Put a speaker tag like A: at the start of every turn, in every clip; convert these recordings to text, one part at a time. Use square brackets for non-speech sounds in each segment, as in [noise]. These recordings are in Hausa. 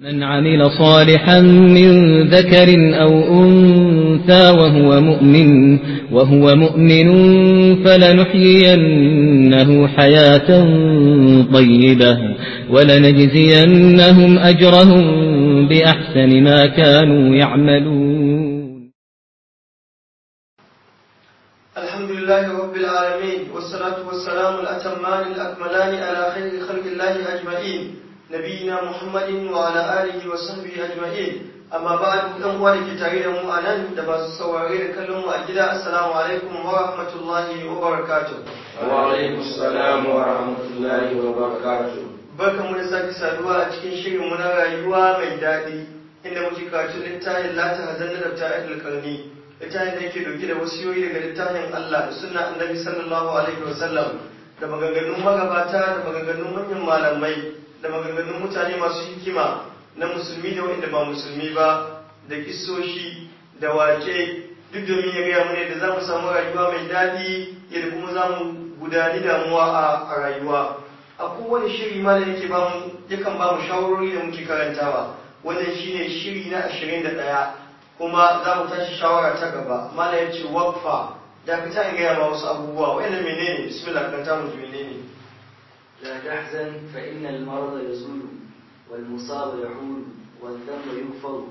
A: من عمل صالحا من ذكر أو أنثى وهو مؤمن وهو مؤمن فلنحيينه حياة طيبة ولنجزينهم أجرهم بأحسن ما كانوا يعملون
B: الحمد لله رب العالمين والصلاة والسلام الأتمان الأكملان على خير خلق الله أجمعين نبينا محمد وعلى آله وصحبه أجمعين amma ba ɗan uwa da ke tare da mu a nan da ba saurari saurare da kallon mu a gida assalamu alaikum wa mu da sake saduwa a cikin shirin mu na rayuwa mai daɗi inda muke karatu littafin lata hazan da ta ayyul karni littafin da yake dauke da wasiyoyi daga littafin Allah da sunna annabi sallallahu alaihi da maganganun magabata da maganganun manyan malamai da maganganun mutane masu hikima na musulmi da waɗanda ba musulmi ba da kisoshi da wake duk domin ya gaya mune da za mu samu rayuwa mai daɗi yadda kuma za mu gudani damuwa a rayuwa a kowane shiri ma da yake bamu yakan ba mu shawarori da muke karantawa wannan shine shiri na ashirin da ɗaya kuma za mu tashi shawara ta gaba mala ya ce wakfa dakata in gaya ma wasu abubuwa wa'annan menene bismillah kan tamu
A: menene لا تحزن فإن المرض يزول والمصاب يحول والذنب يغفر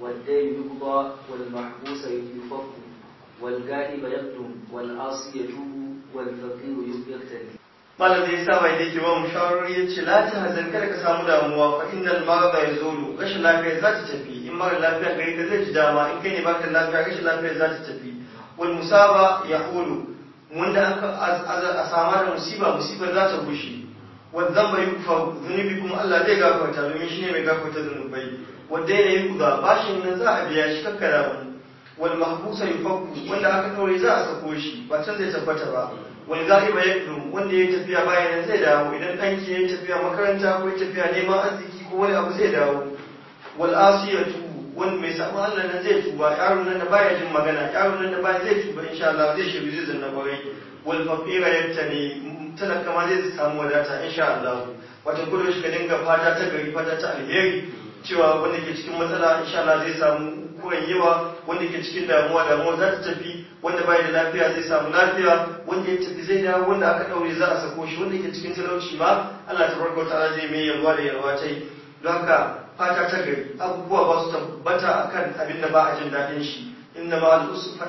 A: والدين يقضى والمحبوس يفك والغائب يقدم والعاصي يتوب والفقير يقتدي
B: malam da yasa mai dake ba mu shawarwari ya ce lati hazan kada ka samu damuwa fa innal marada yazulu gashin lafiya za ta tafi in mara lafiya gari ka zai ji dama in kai ne baka lafiya lafiya za ta tafi wal musaba yahulu wanda aka a sama da musiba musibar za ta gushe yi kufa zunubi kuma Allah zai gafarta domin shi ne mai gafarta zunubai wadda yana yi kuga bashin nan za a biya shi kakkara mu wal mahbusa yufaku wanda aka kawai za a sako shi ba can zai tabbata ba wal ga'iba yaqdu wanda ya tafiya bayan nan zai dawo idan ɗanki ya tafiya makaranta ko ya tafiya neman arziki ko wani abu zai dawo wal asiyatu wanda mai samu Allah nan zai tuba yaron nan da baya jin magana yaron nan da baya zai tuba insha Allah zai shiga zai zanna kwarai wal faqira yattani talaka ma zai samu wadata sha Allah wata kudu shi ka dinga fata ta gari fata ta alheri cewa wanda ke cikin matsala insha Allah zai samu kuran yawa wanda ke cikin damuwa damuwa za ta tafi wanda bai da lafiya zai samu lafiya wanda ya tafi zai dawo wanda aka daure za a sako shi wanda ke cikin talauci ma Allah tabaraka wa ta'ala zai mai yalwa da yalwa tai don haka fata ta gari abubuwa ba su tabbata akan abin da ba a jin daɗin shi ma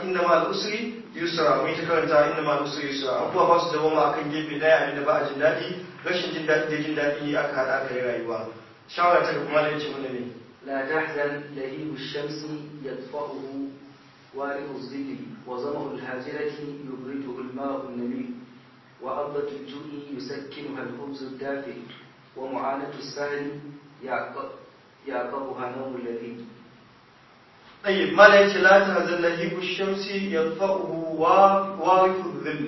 B: inna ma al-usri yusra mun ta karanta inna ma nusra yusra abuwa ba su dawoma akan gefe daya abinda ba a jin daɗi rashin jin daɗi da jin daɗi aka haɗa aka yi rayuwa shawara ta kuma
A: da yace mana ne la tahzan lahibu shamsi yadfa'uhu warihu zili wa zamahu alhajirati yubridu alma'u an-nabi wa abdatu al-ju'i yusakkinuha al-khubzu dafi wa mu'anatu sahli ya ya nawmu al-ladhi طيب ما لا يتلات هذا النهيب
B: الشمس ينفعه وارث الذل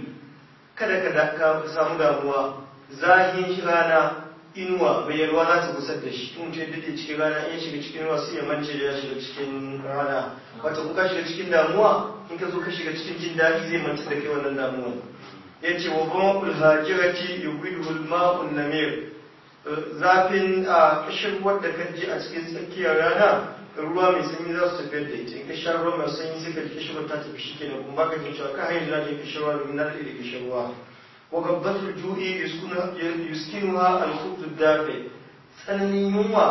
B: kada ka samu damuwa zahin rana inuwa bai yalwa za ta kusa da shi in ce dade cikin rana in shiga cikin ruwa sai ya mance da shiga cikin rana wata kuka shiga cikin damuwa in ka zo ka shiga cikin jin daɗi zai mance da kai wannan damuwa ya ce wa kuma ulhajirati yugudu ma'un namir zafin a kashin wadda ka ji a cikin tsakiyar rana ruwa mai sanyi za su tafiyar da ita in ka sha ruwa mai sanyi sai ka ji kishirwa ta tafi shi kenan kuma baka jin cewa ka hanyar da ke kishirwa domin na da kishirwa wa ju'i al tsananin yunwa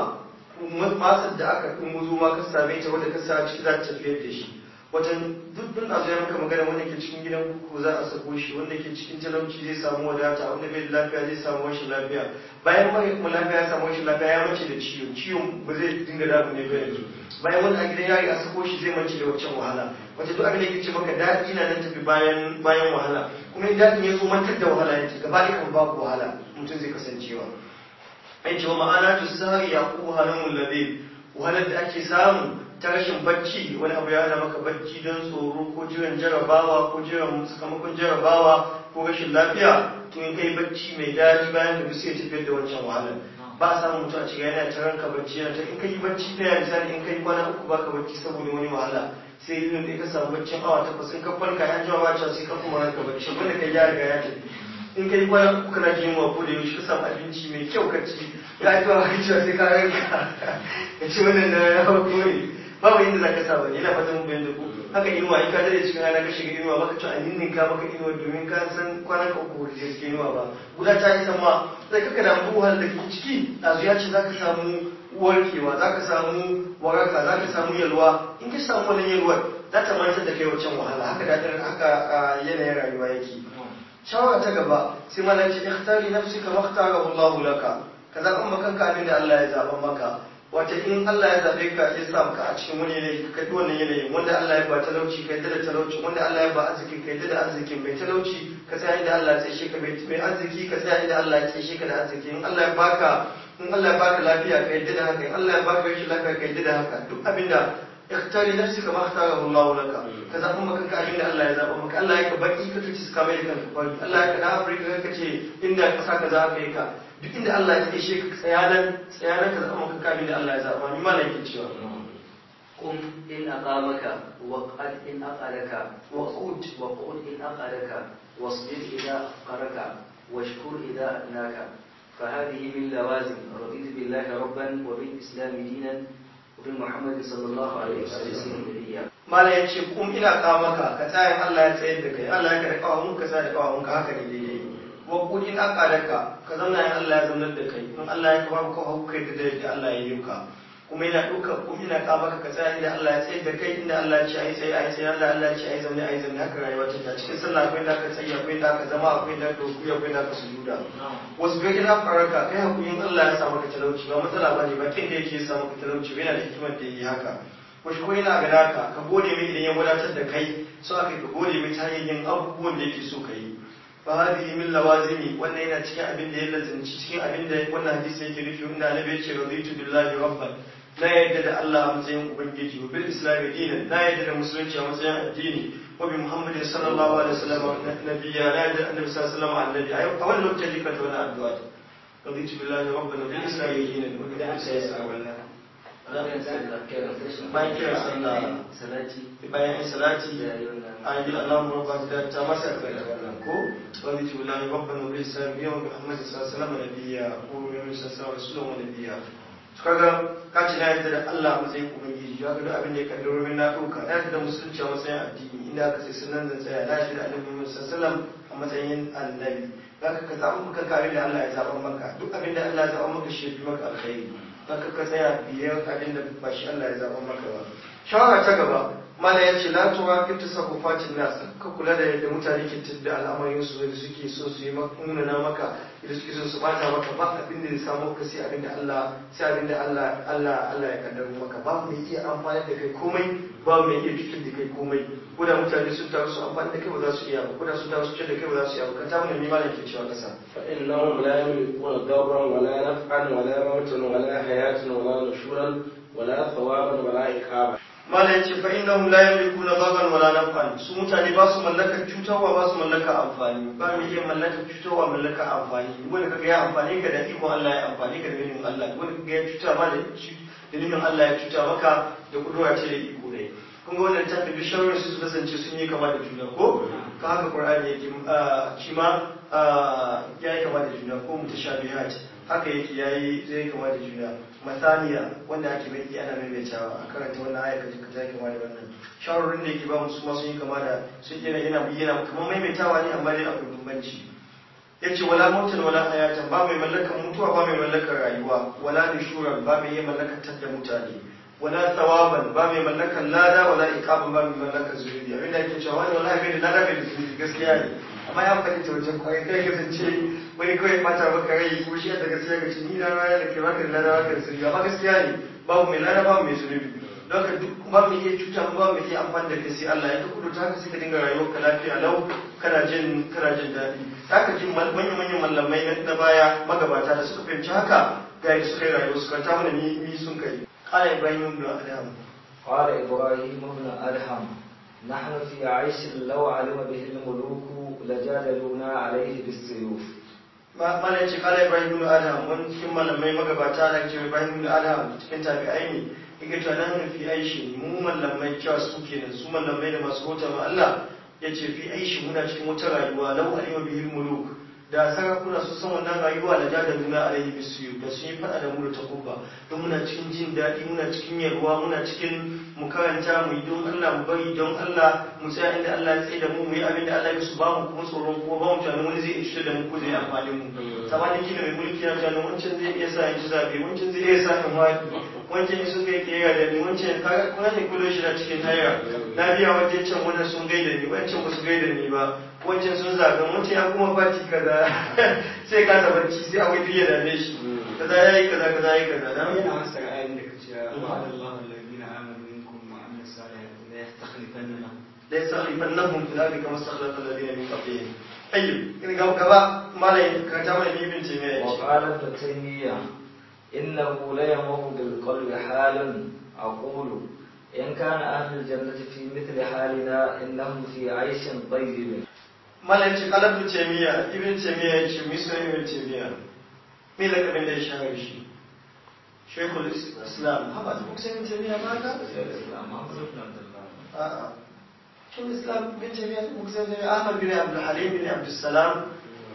B: da aka kuma zo ma ka same ta wanda ka sa ciki za tafiyar da shi wajen duk bin azo ya maka magana wanda ke cikin gidan kuku za a sako shi wanda ke cikin talauci zai samu wadata wanda bai da lafiya zai samu rashin lafiya bayan wani kuma lafiya ya samu rashin lafiya ya mace da ciwon ciwon ba zai dinga damu ne bai yanzu bayan wani a gidan yari a sako shi zai mace da waccan wahala wace duk abin da yake ce maka daɗi na nan tafi bayan bayan wahala kuma in daɗin ya zo mantar da wahala yake gaba ɗaya kan babu wahala mutum zai kasancewa ai ce wa ma'ana tusari ya ku halin labe wahalar da ake samu ta rashin bacci wani abu ya hana maka bacci don tsoro ko jiran jarabawa ko jiran sakamakon jarabawa ko rashin lafiya to in kai bacci mai daɗi bayan ka ya tafiyar da wancan wahalar ba samun mutum a cikin yana ta ranka bacci yana ta in kai bacci ɗaya misali in kai kwana uku baka bacci saboda wani wahala sai yin da ka samu baccin awa takwas in ka farka ya jawa bacci sai ka kuma ranka bacci wanda kai ya riga ya tafi in kai kwana uku kana jin wa ko da yaushe ka samu abinci mai kyau ka ci ya ji wa sai ka ranka ka ci wannan na ya hau kore babu inda za ka sa wani yana fata mun bayan da ku haka inuwa in ka dade cikin rana ka shiga inuwa baka cewa annin ka baka inuwa domin ka san kwanan ka uku da cikin inuwa ba guda ta yi sama sai kaka damu buhar da ke ciki a zuya ce za ka samu warkewa za ka samu waraka za ka samu yalwa in ka samu wannan yalwar za ta mantar da kai wancan wahala haka da ta haka yanayin rayuwa yake shawara ta gaba sai malam ce ikhtari nafsika wa ikhtarahu Allah laka ka zaɓa makanka abin da Allah ya zaɓa maka wata in Allah ya zabe ka ya sa ka a cikin wani yanayi ka kai wannan yanayi wanda Allah ya ba talauci kai da talauci wanda Allah ya ba ka kai da arziki mai talauci ka tsaya inda Allah ya tsaye ka mai arziki ka tsaya inda Allah ya tsaye ka da arziki in Allah ya baka in Allah ya baka lafiya ka yadda da haka in Allah ya baka rashin lafiya ka yadda da haka duk abinda ikhtari nafsi kama ikhtarahu Allah laka ka zaɓa maka ka abinda Allah ya zaɓa maka Allah ya ka baki ka kace ka mai kanka Allah ya ka na Afirka ka ce inda ka za ka yi ka duk inda Allah ya tsaye shi tsayanan tsayanan ka zama kanka da Allah ya zaba ni malam ke
A: cewa qum in aqamaka wa qad in aqalaka wa qud wa qud in aqalaka wasbir idha aqaraka washkur idha adnaka فهذه من لوازم رضيت بالله ربا وبالاسلام دينا وبمحمد صلى الله عليه وسلم نبيا Allah ya يشي قم الى
B: قامك كتاين الله يتسيد ka الله يكرك قومك كتاين قومك هكذا ko in akalarka ka zauna yin Allah ya zaunar da kai in Allah ya kaba ka hau kai da dare da Allah ya yi ka kuma yana ɗaukar ina ka ka tsaya inda Allah ya tsayar da kai inda Allah ya ce ai sai ai sai Allah Allah ya ce ai zaune ai zaune haka rayuwa ta cikin sallah akwai da ka tsaya akwai da ka zama akwai da ka kuya akwai da ka sujuda wasu ga ina ka kai hakurin Allah ya samu ka talauci ba matsala ne ba kin da yake samu ka talauci ba yana da hikimar da yi haka wasu kuma yana gada ka ka gode mai idan ya wadatar da kai so aka ka gode mai ta yin abubuwan da yake so ka yi fahadihi min lawazimi wannan yana cikin abin da ya lazimci cikin abin da wannan hadisi yake nufi inda annabi ya ce raditu billahi rabban na yadda da Allah a matsayin ubangiji wa bil islam dinan na yadda da musulunci a matsayin addini wa bi muhammadin alaihi wasallam nabiyya na yadda da annabi sallallahu alaihi wasallam annabi a wannan lokacin da kake bayan kira sallah bayan salati an yi Allah mu da ta masa da wannan ko wani jibulahi babban nabi sallallahu alaihi Muhammad sallallahu alaihi wasallam nabiyya ko mai sallallahu alaihi wasallam nabiyya to kaga ka na yadda da Allah mu zai kuma yi ya ga abin da ya kaddaro min na dauka na yadda musulunci a matsayin addini inda aka sai sunan zan tsaya na shi da annabi Muhammad sallallahu a matsayin annabi za ka samu kanka abin da Allah ya zaba maka duk abin da Allah ya zaba maka shi ya fi maka alkhairi haka ka tsaya biyan abin da ba shi Allah ya zaɓa maka ba shawara ta gaba mala ya ce latuwa fita sako fatin nasa ka kula da yadda mutane ke tidda al'amarin su da suke so su yi munana maka da suke so su bata maka ba abin da ya samu ka sai abin da Allah sai abin da Allah Allah ya kaddaro maka ba mai iya amfani da kai komai ba mai iya cutar da kai komai ko da mutane sun taru su amfani da kai ba za su iya ba ko da sun taru su ce da kai ba za su iya ba ka ta mun malam ke cewa kasa fa wala la yamlikuna darran wala naf'an wala mautan wala hayatan wala nushuran wala thawaban wala ikaba mala yace fa innahum la yamlikuna baban wala nafan su mutane ba su mallakar cutarwa ba su mallaka amfani ba mu iya mallakar cutarwa mallaka amfani wanda kaga ya amfani ka da ikon Allah ya amfani ka da dalilin Allah wanda kaga ya cuta ma da dalilin Allah ya cuta maka da kudura ce da iko ne kun ga wannan tafi bi shawarar su kasance sun yi kama da juna ko ka haka Qur'ani yake shi ma ya yi kama da juna ko mutashabihat haka yake ya yi zai kama da juna masaniya wanda ake mai ana maimaitawa a karanta wannan ayar kaji ka zai kama da wannan shawarorin da yake ba musu masu sun yi kama da sun yana yana yana kamar maimaitawa ne amma dai akwai bambanci ce wala mautan wala hayatan ba mai mallakar mutuwa ba mai mallakar rayuwa wala nushuran ba mai mallakar tadda mutane wala tsawaban ba mai mallakar lada wala iqaban ba mai mallakar zuriya abinda ake cewa cewa wala bai da lada bai da zuriya gaskiya ne amma ya faɗi ta wajen kwaye kai kasance wani kawai fata maka rai ko shi da gaskiya ga ni na raya da ke baka da lada baka da sirri ba gaskiya ne babu mai lada babu mai sirri, don ka duk ba mu iya cuta ba mu iya amfani da kai sai Allah ya ka kudu ta sai ka dinga rayuwar ka lafiya lau kana jin kana jin daɗi ka ji manyan manyan mallamai na baya magabata da suka fahimci haka ga yadda suka yi rayuwa suka ta mana ni sun
A: kai قال إبراهيم بن أدهم قال إبراهيم بن أدهم نحن في عيش لو علم به الملوك لجادلونا عليه بالسيوف
B: malaci ce kala ibrahim bin adam wani cikin malamai magabata da ce ibrahim bin adam cikin tabi'ai ne yake to nan fi aishi mu malamai cewa su kenan su malamai da masu hota ma'alla ya ce fi aishi muna cikin wata rayuwa lau alima bihil muluk da kuna su san wannan rayuwa da jada duna a rayu bisu da sun yi fada da mura ta takuba don muna cikin jin daɗi muna cikin yarwa muna cikin mu karanta mu yi don Allah mu bari don Allah mu tsaya inda Allah ya tsaye da mu mu yi abin da Allah ya su ba mu kuma tsoron kuma ba mu tunanin wani zai iya cutar da mu ko zai amfani mu sabanin kila mai mulki na tunanin wancan zai iya sa ya ji zabe wancan zai iya sa ya maki wancan sun kai kiyaya da ni wancan kuma ne kullum shi da cikin naira na biya wajen can wannan sun gaida ni wancan ba su gaida ni ba wancan sun zaga wancan ya kuma fati kaza [laughs] sai ka ta ci sai akwai duk ya dame shi kaza yi kaza kaza yi kaza Na yana hasa ga
A: ayin da kace wa'adallahu alladhina amanu minkum wa amilus salihati la yastakhlifannahum la
B: yastakhlifannahum fil ardi kama istakhlafa alladhina min qablihim ayyub in gaba malai ka ta mai bibin ce mai wa qalat taymiyah إنه لا يمر بالقلب حال أقول إن كان أهل الجنة في مثل حالنا إنهم في عيش طيب مالك قلب تيمية ابن تيمية يجي مصر ابن تيمية ملك من الشهر يجي شيخ الإسلام هم أتبوك سيد تيمية ما قال الإسلام ما قلت عبد الله آه. شو الإسلام بن تيمية مكسر أحمد بن عبد الحليم بن عبد السلام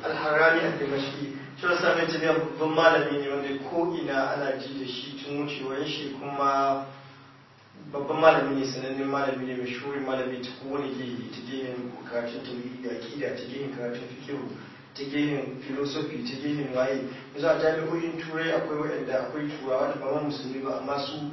B: الحراني الدمشقي Shura Sami Jami'a babban malami ne wanda ko ina ana ji da shi tun wucewar shi kuma babban malami ne sanannen malami ne shuri malami ta kowane gehe ta gehen karatun tauhidi da akida ta gehen karatun fikihu ta gehen filosofi ta gehen waye yanzu a jami'o'in turai akwai waɗanda akwai turawa da ba musulmi ba amma su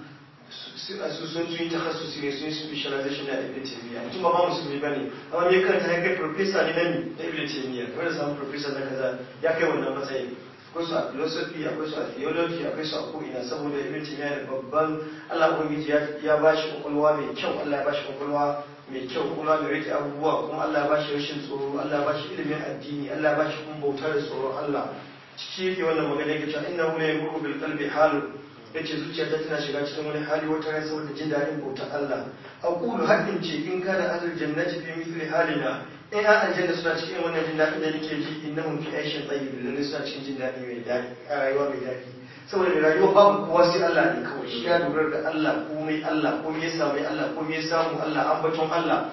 B: su sun yi takasusi ne sun yi specialization na ibn taymiya mutum ba musulmi ba ne amma me kanta ya kai professor ne nan na ibn taymiya kamar da samun professor na kaza ya kai wannan matsayi akwai su a philosophy akwai su a theology akwai su a ko'ina saboda ibn taymiya da babban Allah ubangiji ya ba shi kwakwalwa mai kyau Allah ya ba shi kwakwalwa mai kyau kuma mai rike abubuwa kuma Allah ya ba shi rashin tsoro Allah ya ba shi ilimin addini Allah ya ba shi kuma bauta da tsoron Allah ciki yake wannan magana yake cewa innahu la yamuru bil qalbi halun ya ce zuciyata tana shiga cikin wani hali wata rai saboda jin daɗin bautar Allah a ƙulu haɗin ce in kana azul jannati fi mithli halina in a aljanna suna cikin wannan jin daɗin da nake ji innahum fi aishin tayyib lalle suna cikin jin daɗi mai daɗi rayuwa mai daɗi saboda rayuwa babu kowa sai Allah ne kawai shi ya dogara da Allah komai Allah komai ya samu Allah komai ya samu Allah ambaton Allah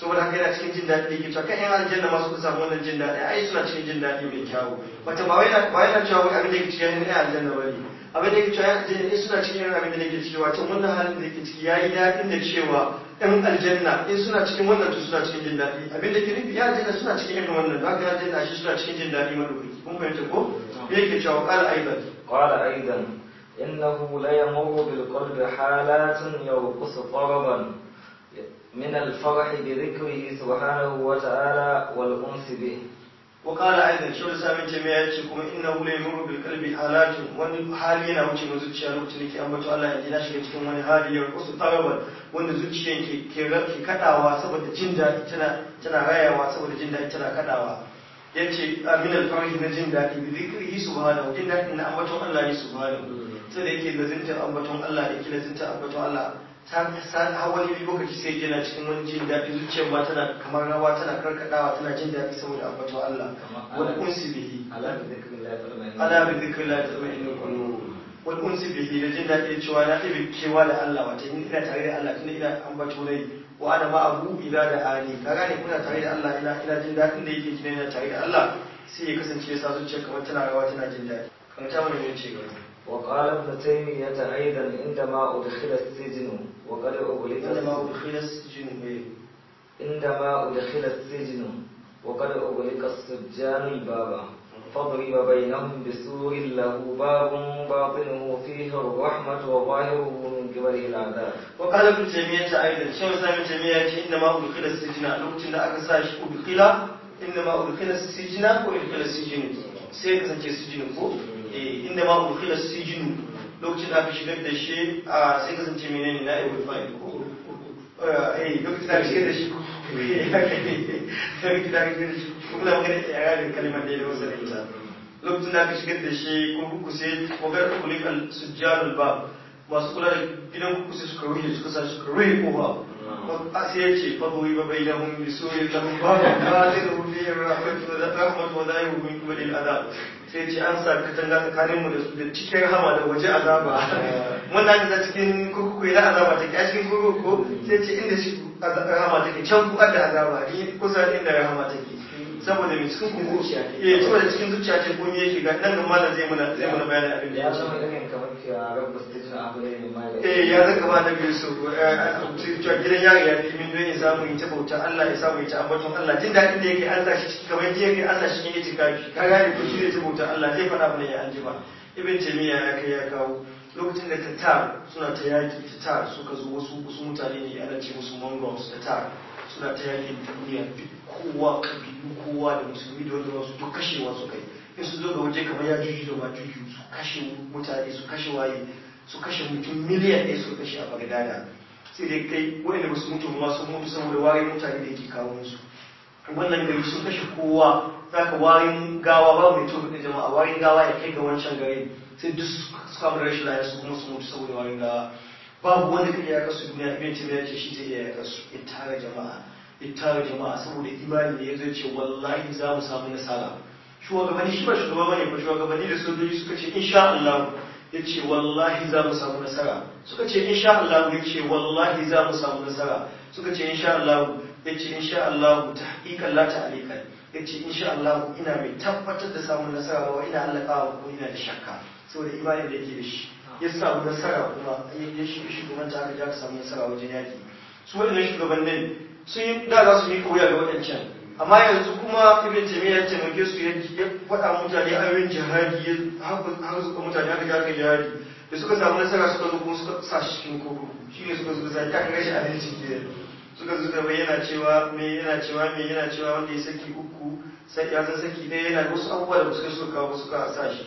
B: saboda haka yana cikin jin daɗi da yake cewa kan yan aljanna masu kusa samu wannan jin daɗi ai suna cikin jin daɗi mai kyawu wata ba wai na cewa wai abin da yake cikin yan aljanna ba ne abin da yake cewa yanzu suna cikin irin abin da yake ciki wato wannan halin da yake ciki yayi daɗin da cewa ɗan aljanna in suna cikin wannan to suna cikin jin daɗi abin da ke nufi ya aljanna suna cikin irin wannan da ya aljanna shi suna cikin jin daɗi madaukaki
A: kun fahimta ko me yake cewa qala aidan qala aidan innahu la yamuru bil qalbi halatun yanqusu taraban min al farhi bi dhikrihi subhanahu wa ta'ala wal unsi bihi Waƙala Aizat Shulun Samin
B: taimiyaye ya ce kuma in na hula yi mura da ƙarfi halartun wani hali yana wuce ma zuciya lokacin da ya cikin wani hali ya wasu farawal wanda zuciyan ke kaɗawa saboda jin daɗi tana rayawa saboda jin daɗi tana kaɗawa. Ya ce Aminu da fargitar jin daɗi biyu zai karya yi su ba Allah ya sai da ya ke nazintan ambaton Allah da ya ke nazintan ambaton Allah. sani hawali wani lokaci sai yana cikin wani jin daɗi zuciyar ma tana kamar rawa tana karkadawa tana jin daɗi saboda ambato Allah wani unsi bihi ala bi zikrin la ta'ma inna qulub wani unsi bihi da jin daɗi cewa na ɗebe kewa da Allah wata ina tare da Allah tunda ina ambato rai wa ana ma abu ila da ani ka gane kuna tare da Allah ina ina jin daɗin da yake kina ina tare da Allah sai ya kasance ya sa zuciyar kamar tana rawa tana jin daɗi kamar ta mana ne ce gaba وقال ابن تيمية أيضا
A: عندما أدخل السجن وقد أغلق عندما أدخل السجن عندما أدخل السجن وقد أغلق السجان الباب فاضرب بينهم بسور له باب باطنه فيه الرحمة وظاهره
B: من قبله العذاب وقال ابن تيمية أيضا شيخ الإسلام ابن تيمية عندما أدخل السجن لوكتين da aka sa shi أدخل إنما أدخل السجن وأدخل السجن sai kasance sujin ko Eh, inda ma udkhila sijinu lokacin da aka shigar da shi a sai kasance menene na ibn fa'il ko eh, eh lokacin da aka shigar da shi lokacin da aka shigar da shi kuma da magana ya ga kalmar da ya wasa da ita lokacin da aka shigar da shi kuma ku sai wagar kulikal sujjalul bab masu kula da sai ya ce fahuwi ba bai lahun bi suyin lahun ba ba ba zai da hudu yin rahmatu wa rahmatu wa zai hukun kuma lil azab sai ce an sa katanga tsakanin mu da su da cikin hama da waje azaba wannan da cikin kurkuku ila azaba take a cikin kurkuku sai ce inda shi hama take can ku da azaba ni kusa inda rahama take saboda mai cikin kugu eh saboda cikin zuciya ce komai yake ga nan gama da zai mana zai mana bayani abin da ya zama ganin kamar cewa rabbus tajna abu ne
A: mai eh ya zaka ba da bai
B: so cewa gidan yaro ya fi min don ya samu ya bauta Allah ya samu ya ambaton Allah jin daɗin da yake Allah shi cikin kamar yadda yake Allah shi yake kafi ka gane ko shi ne bauta Allah zai faɗa mana ya anjima ibn taymiya ya kai ya kawo lokacin da tatar suna ta yaki tatar suka zo wasu wasu mutane ne ana ce musu mongols tatar suna ta yakin duniya duk kowa kabilu kowa da musulmi da wanda masu duk kashewa su kai in su zo da waje kamar ya juji da majuju su kashe mutane su kashe waye su kashe mutum miliyan ɗaya su kashe a bagadada sai dai kai wa'anda basu mutu ba sun mutu saboda wari mutane da yake kawo musu wannan gari sun kashe kowa ka warin gawa ba mai tobe da jama'a warin gawa ya kai ga wancan garin sai duk su kama rashin lafiya su kuma su mutu saboda warin gawa babu wanda kan ya kasu duniya ibn tabiya ce shi zai iya kasu ittara jama'a ittara jama'a saboda imani ne zai ce wallahi za mu samu nasara shugabanni shi ba shugaba bane ba shugabanni da sojoji suka ce insha Allah ya ce wallahi za mu samu nasara suka ce insha Allah ya ce wallahi za mu samu nasara suka ce insha Allah ya ce insha Allah tahqiqan la ta'liqan ya ce insha Allah ina mai tabbatar da samun nasara ba ina allaka ko ina da shakka saboda imani da yake da shi ya samu nasara kuma ya shugabanta ta ja samu nasara wajen yaki su waɗannan shugabannin sun yi da za su yi kauya ga waɗancan amma yanzu kuma ibn taymiya ya taimake su ya faɗa mutane a yin jihadi ya har zuka mutane aka ja jihadi da suka samu nasara suka zo kuma suka sa shi cikin koko shi ne suka zuba zaki aka rashin adalci ke suka zuka bai yana cewa me yana cewa me yana cewa wanda ya saki uku sai ya zan saki ɗaya yana da wasu abubuwa da suka suka kawo suka sa shi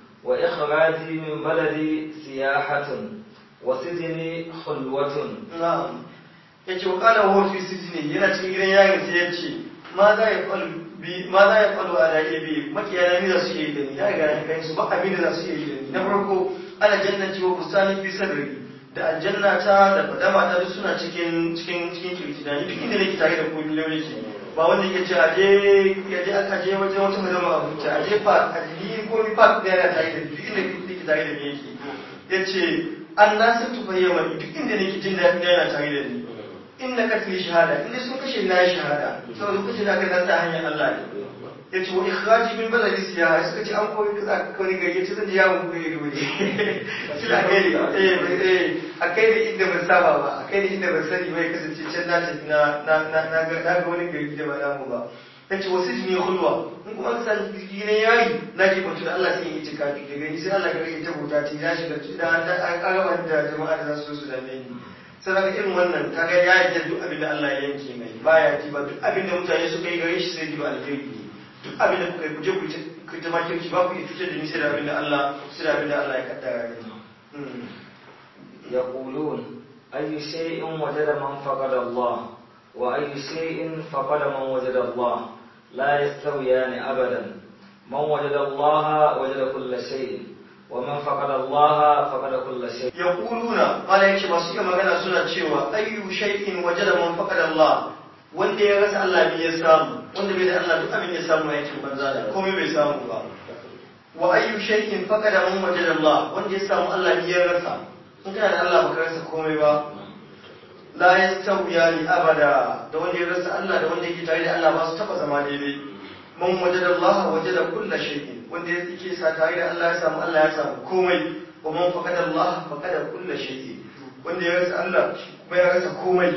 A: وإخراجي من بلدي سياحة وسجني حلوة نعم
B: يجي wa هو في fi يلا yana cikin gidan yayin sai yace ma za ya ma za ya falu ala ibi makiyaya ne za su yi da ni da kai da za da na farko wa aljanna ta da fadama ta duk suna cikin cikin cikin kirki da ni duk inda nake tare da ku miliyoyi ke ba wanda ke ce aje ya je aka je waje wata madama abuja aje park a jigi ko mi park da yana tare da duk inda kike tare da yake yace an nasu tubayyama duk inda nake jin da yana tare da ni inda ka tuni shahada inda sun kashe na shahada saboda kashe da kai zanta hanyar Allah ne ya ce wa ikhraji min baladi siyaha suka ce an ko kori gari ya ce zan je yawon kuri gari wuri sila kai ne [laughs] a kai ne eh, eh, inda ban saba ba a kai ne inda ban sani bai kasance can na na ga wani gari da ba na mu ba na ce wasu jini hulwa in kuma ka sani jirgi na yayi na ke kwanci da Allah sai ya yi tikafi daga ni sai Allah kare ta bauta ce ya shiga da an karama da jama'a da za su zo su dame ni sai irin wannan ta kaga ya yi duk abin da Allah ya yanke mai baya ji ba duk abin da mutane suka yi gare shi sai ji ba alheri duk abin da kuka yi kuje ku ta makirci ba ku iya cutar da ni sai da abin da Allah sai da abin da Allah ya kaddara
A: ni yaqulun ayu shay'in wajada man faqada Allah wa ayu shay'in faqada man wajada Allah la yastawiyani abadan man wajada Allah wajada kull shay'in ومن فقد
B: الله فقد كل شيء يقولون قال يكي masu iya magana suna cewa ayyu shay'in wajada man faqada Allah wanda ya rasa Allah ne ya samu wanda bai da Allah duk abin ya samu ya ce banza da komai bai samu ba wa ayyu shay'in faqada man wajada Allah wanda ya samu Allah ne ya rasa in kana da Allah baka rasa komai ba la yastawi abada da wanda ya rasa Allah da wanda yake tare da Allah ba su taba zama daidai man wajada Allah wajada kullu shay'in wanda yake sa tare da Allah ya samu Allah ya samu komai wa man faqada Allah faqada kullu shay'in wanda ya rasa Allah kuma ya rasa komai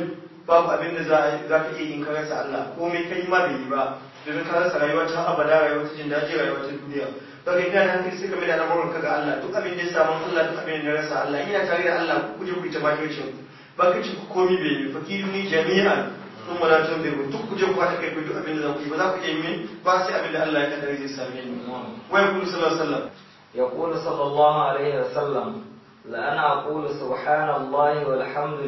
B: babu abin da za ka iya yin ka Allah komai ka yi ma bai yi ba domin ka rasa rayuwa ta abada rayuwa ta jin daji rayuwa ta duniya don kai kana hankali sai ka mai da al'amuran ka ga Allah duk abin da ya samu Allah duk abin da ya rasa Allah ina tare da Allah ku je ku ta makircin ba ka ci ku komai bai yi fakiru ni jami'an sun wala tun bai duk ku je ku haɗa kai ku duk abin da za ku yi ba za ku iya min ba sai
A: abin da Allah ya kaddara zai same ni wai kullu sallallahu alaihi wasallam يقول صلى الله عليه وسلم لأنا أقول سبحان الله والحمد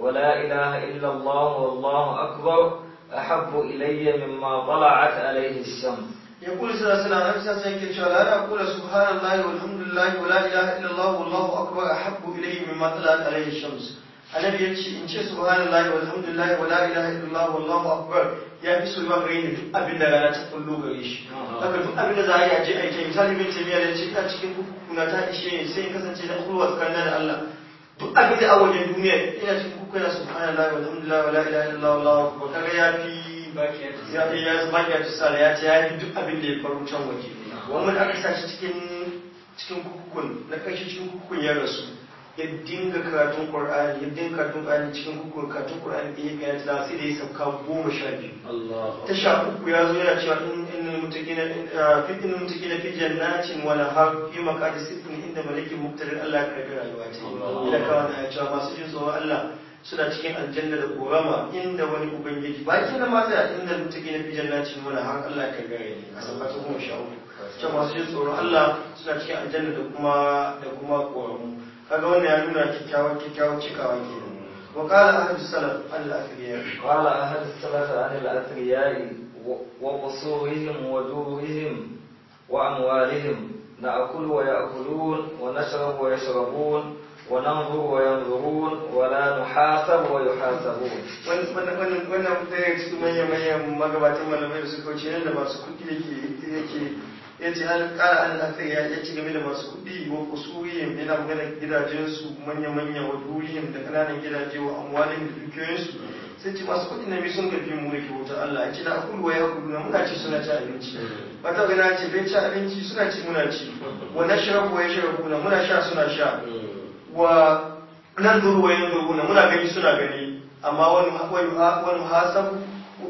A: ولا إله إلا الله والله أكبر أحب إلي مما طلعت عليه الشمس
B: يقول صلى الله عليه وسلم في كل شهر أقول سبحان الله والحمد لله ولا إله إلا الله والله أكبر أحب إلي مما طلعت عليه الشمس أنا يقول إن سبحان الله والحمد لله ولا إله إلا الله والله أكبر يعني سوى غير أبدا لا تقول له إيش لكن أبدا زاي أجي أجي مثال من تميل أجي أجي كم كنا تعيش سين كذا تجي نقول وتكلم الله duk abin da awajen duniya ina cikin kuka ya subhanallah wa alhamdulillah wa la ilaha illallah wa kaga ya fi baki ya ya baki ya tsara ya ce ya fi duk abin da ya faru can waje wa wannan aka sa cikin cikin kukun na kashi cikin kukun ya rasu ya dinga karatun qur'ani ya dinga karatun qur'ani cikin kukun karatun qur'ani da ya kai ya tsara sai da ya sauka goma sha biyu ta sha uku ya zo ya ce in للمتقين في المتقين في جنات ونهار في مقعد صدق عند ملك مقتدر الله كبير الواتي إلى كان يا ما سجن سوى الله suna cikin aljanna da korama inda wani ubangiji ba ke nan mata inda mutaki fi jannatin wani har Allah kan gare ne a sabata kuma sha uku can masu jin tsoron Allah suna cikin aljanna da kuma da kuma koramu kaga wannan ya nuna kyakkyawan kyakkyawan cikawa kenan وقال أحد السلف
A: الأثرياء قال أحد السلف عن الأثرياء Wa musulunci wa duru wa ambaliru na akulu waya akulun wa nasha waya shafagun wa nambu waya ndurun wa lanu hasabu waya
B: hasabun. Banan fes duman yamma yamma, ban ta magana magana, ban ta magana, ban ta magana, ban ya ce an ƙara an ya ci game da masu kuɗi wa kusuriyin yana magana gidajensu manya-manya wa duriyin da ƙananan gidaje wa amwalin da dukiyoyinsu sai ce masu kuɗi na sun karfi mu da kyauta Allah a cina na wa ya kudu na muna ci suna ci abinci ba ta gana ce bai ci abinci suna ci muna ci wa na shirabu wa ya shirabu na muna sha suna sha wa nan duru wa yin duru na muna gani suna gani amma wani hasabu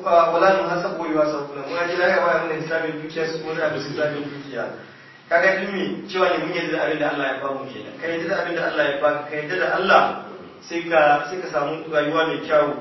B: wala nun hasabu wa yi hasabu kuma ji zaka ba mun hisabin dukiya su kuma za a bi hisabin dukiya kaga ilmi cewa ne mun yi da abin da Allah ya ba mu kenan kai yi da abin da Allah ya ba ka yi da Allah sai ka sai ka samu rayuwa mai kyau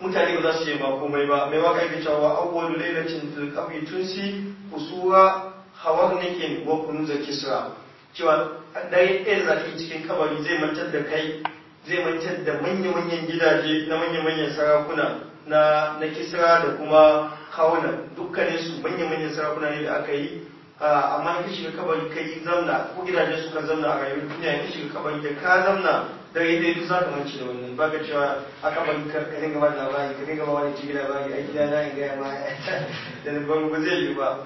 B: mutane ba za su yi ma komai ba mai waka yake cewa awwalu lailatin fil qabri tunsi usura hawarnikin wa kunuza kisra cewa dare ɗaya da zaki cikin kabari zai mantar da kai zai mantar da manya-manyan gidaje na manya-manyan sarakuna na na kisra da kuma kawunan dukkanin su manya-manyan sarakuna ne da aka yi amma ka shiga kabari ka yi zamna ko gidaje su ka zamna a rayuwar duniya ka shiga kabari da ka zamna da ya dai za ka mance da wannan ba ka cewa aka bari ka ka dinga ba labari ka dinga ba wani cikin labari a gida na gaya ma [laughs] da na bango ba zai yi ba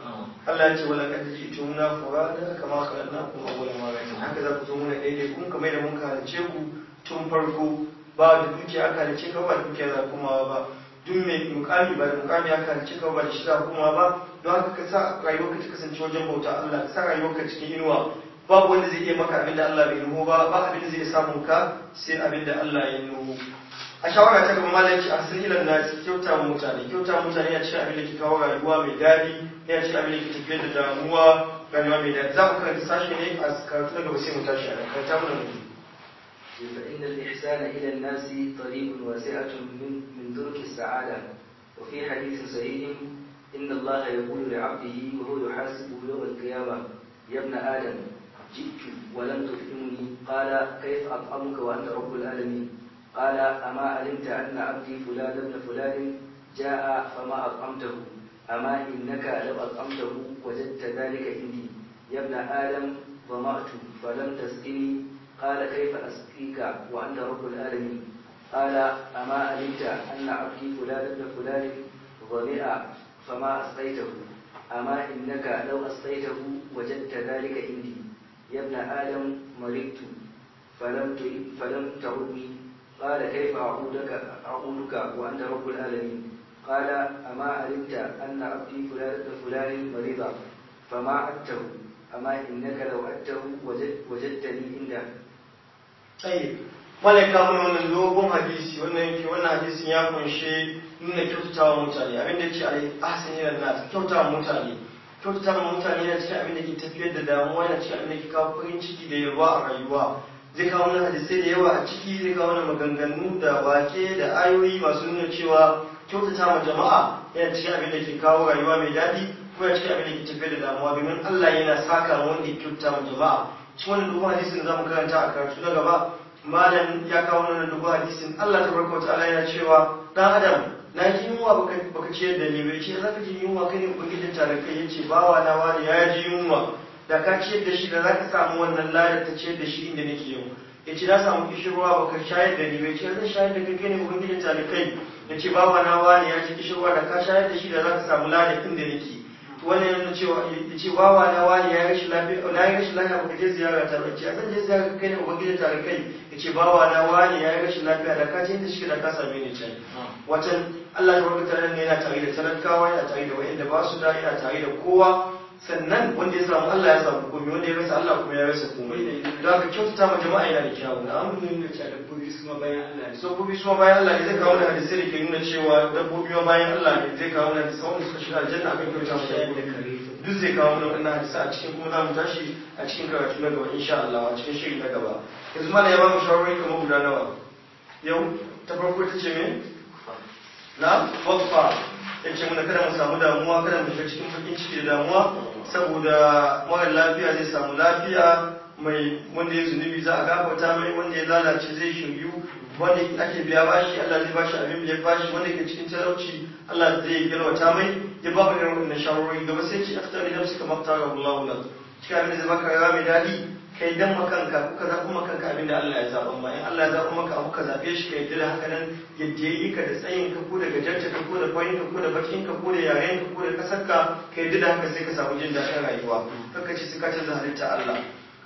B: Allah ya ce wala ji ji'tu muna furada kama khalaqnakum awwala marratin haka za ku zo muna daidai kun kamar da mun halice ku tun farko ba da dukiya aka ce ka ba dukiya za ku ba duk mai mukami ba da mukami ya kan ka ba shi za kuma ba don haka ka sa rayuwarka ta kasance wajen bauta Allah ka sa rayuwarka cikin inuwa babu wanda zai iya maka abin da Allah bai nuhu ba ba abin da zai samu ka sai abin da Allah ya nuhu a shawara ta gaba malam ce ahsan ilan nas kyauta wa mutane kyauta mutane ya ce abin da ke kawo rayuwa mai daɗi ya ce abin da ke tafiyar da damuwa rayuwa mai daɗi za mu karanta sashi ne a karatu na gaba sai mu tashi a
A: karanta mu da mutum فإن الإحسان إلى الناس طريق واسعة من, من درك السعادة وفي حديث صحيح إن الله يقول لعبده وهو يحاسبه يوم القيامة يا ابن آدم جئت ولم تطعمني قال كيف أطعمك وأنت رب العالمين قال أما علمت أن عبدي فلان ابن فلان جاء فما أطعمته أما إنك لو أطعمته وجدت ذلك عندي يا ابن آدم ظمأت فلم تسقني قال كيف أسقيك وأنت رب العالمين قال أما علمت أن عبدي فلان ابن فلان ظمئ فما أسقيته أما إنك لو أسقيته وجدت ذلك عندي يا ابن آدم مرضت فلم فلم تعودني قال كيف أعودك أعودك وأنت رب العالمين قال أما علمت أن عبدي فلان بن فلان مريضا فما عدته أما إنك لو عدته وجدتني عنده tsaye malaka wannan dogon hadisi wannan yake wannan
B: hadisin ya kunshe nuna kyautatawa mutane abinda ke a ahsan yana na kyautatawa mutane kyautatawa mutane yana cikin abinda ke tafiyar da damuwa yana cikin abinda ke kawo farin ciki da yalwa a rayuwa zai kawo wannan hadisai da yawa a ciki zai kawo wannan maganganu da wake da ayoyi masu nuna cewa kyautata jama'a yana cikin abinda ke kawo rayuwa mai daɗi kuma cikin abinda ke tafiyar da damuwa domin Allah yana saka wanda ya kyautata jama'a Wani dubu hadisin da zamu karanta a karatu na gaba malam ya kawo wannan dubu hadisin Allah tabaraka wataala ya cewa dan adam na ji yunwa baka ce da ni bai ce zaka ji yunwa kai ne ubangijin tarakai yace bawa na wani ya ji yunwa da ka ce da shi da zaka samu wannan lada ta ce da shi inda nake yau ya ce na samu kishirwa baka shayar da ni bai ce zan shayar da kai kai ne ubangijin tarakai ya ce bawa na wani ya ji kishirwa da ka shayar da shi da zaka samu lada inda nake wannan yana cewa ya ce wawa na wani ya rashin lafiya na yi rashi lafiya baka je ziyara ta bace a zanje ziyara kai ne ubangiji ta kai ya ce bawa na wani ya yi rashin lafiya da ka je ta shi da ka same ni can wacan Allah ya barka tare ne yana tare da talakawa yana tare da wayanda ba su da yana tare da kowa sannan wanda ya samu Allah ya samu komai wanda ya rasa Allah kuma ya rasa komai da aka kyautata ma jama'a yana da kyawu na amma mun cewa dabbobi su ma bayan Allah ne dabbobi su ma bayan Allah ne zai kawo da hadisi da ke nuna cewa dabbobi ma bayan Allah ne zai kawo da sauran su suka shiga aljanna akan kyauta ma kare duk zai kawo da wannan hadisi a cikin kuma za mu tashi a cikin karatu na gaba insha Allah a cikin shiri na gaba yanzu mala ya ba mu shawarwari kamar guda nawa yau ta farko ta ce me na wakfa yace muna kada mu samu damuwa kada mu shiga cikin bakin ciki da damuwa saboda mara lafiya zai samu lafiya mai wanda ya zunubi za a gafarta mai wanda ya lalace zai shiryu wanda ake biya bashi Allah zai bashi abin da ya bashi wanda ke cikin talauci Allah zai yalwata mai ya ba mu irin wannan shawarwari gaba sai ce aftari nafsi kamar tara Allah cikin abin da zai baka mai dadi kai dan makanka ko ka zaɓi makanka abinda Allah ya zaɓa ma in Allah ya zaɓa maka abu ka zaɓe shi ka yadda haka nan yadda ya yi ka da tsayin ka ko da gajarta ka ko da kwayin ka ko da bakin ka ko da yaren ka ko da kasarka ka yadda haka sai ka samu jin daɗin rayuwa kanka ce suka canza halitta Allah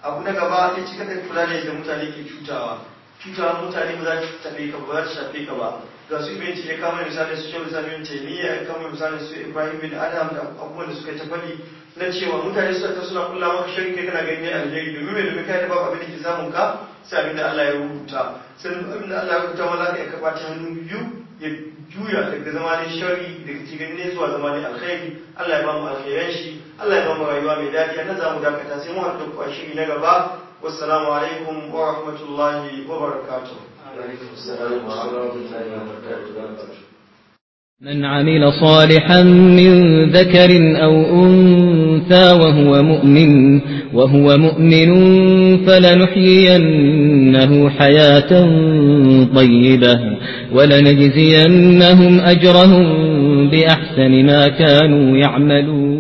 B: abu na gaba ya ci da kula da yadda mutane ke cutawa cutawa mutane ba za ta taɓe ka ba za ta shafe ka ba ga su ibn ya kama misali su shehu sami ibn taimiyya ya kama misali su ibrahim bin adam da abubuwan da suka ta fadi na cewa mutane suna ta suna kula maka shirin kai kana gani a alheri domin mai domin kai da babu abin da ke samun ka sai abin da Allah ya rubuta sai abin da Allah ya rubuta ma za ka iya kafa ta hannu biyu ya juya daga zama ne shari daga cikin ne zuwa zama ne alkhairi Allah ya ba mu alkhairan shi Allah ya ba rayuwa mai daɗi nan za mu dakata sai mu haɗu da ku a shiri na gaba wassalamu alaikum wa rahmatullahi wa barakatuh
A: من عمل صالحا من ذكر أو أنثى وهو مؤمن وهو مؤمن فلنحيينه حياة طيبة ولنجزينهم أجرهم بأحسن ما كانوا يعملون